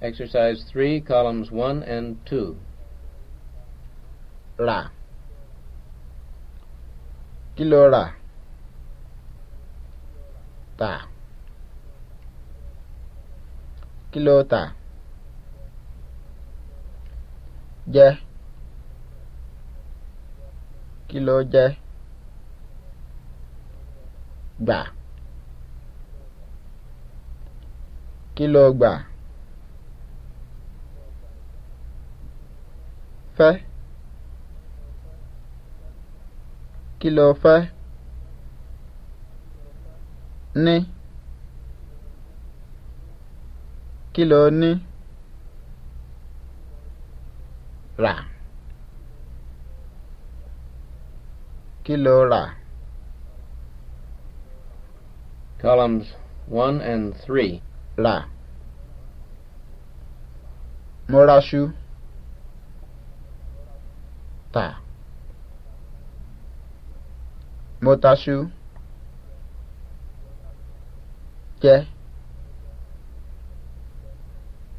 Exercise 3, columns 1 and 2. La. Kí Tà. Kilota. ló tà? Jẹ. Kí jẹ? Kilofa, Ne, lo fẹ́ ní ní rà rà. Columns 1 and 3. La. Morashu. tà mo taṣu jẹ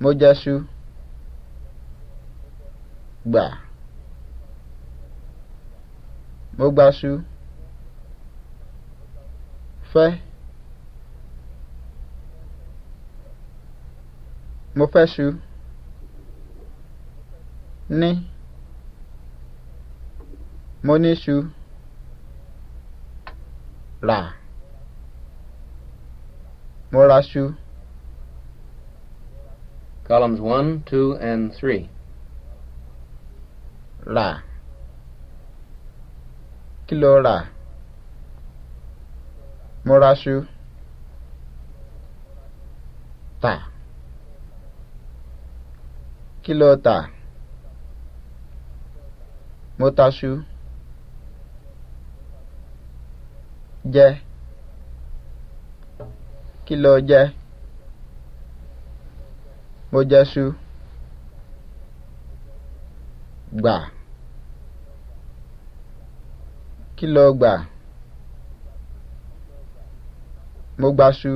mo jẹṣu gbà mo gbaṣu fẹ́ mo fẹ́ ṣu ní. mo níṣu la mora raṣu. Columns 1, 2, and 3. La. Kí ló rà? Mo Tà. Kí tà? jẹ kí lo jẹ mo jẹṣu gbà kí lo gbà mo gbaṣu.